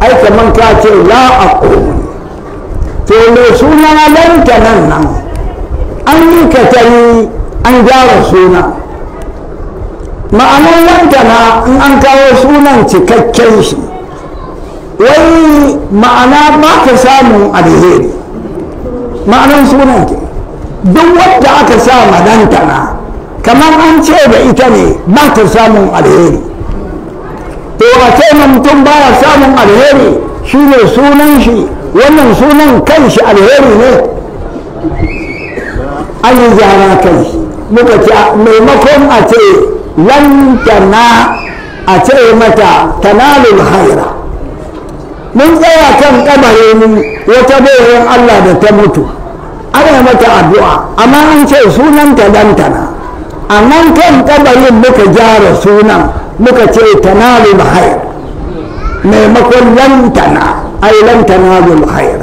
ai kaman ka ce la aqulu to me suna na nan nan an yi ka an gyara suna ma'anin lanta na in an kawo sunan cikakken shi wai ma'ana ba ka samun alheri ma'anin sunan ke duk aka sa lantana kamar an ce da ita ne ba ta samun alheri wace mutum baya samun alheri shi ne sunan shi wannan sunan kanshi alheri ne an yi gyara kai muka ce maimakon a ce lantana a ce mata tanalul haira mun tsaya kan kabarin wata bayan Allah da ta mutu ana mata addu'a amma an ce sunanta lantana a nan kan kabarin muka gyara sunan muka ce tanalul hayr maimakon lantana ai lantana bil hayr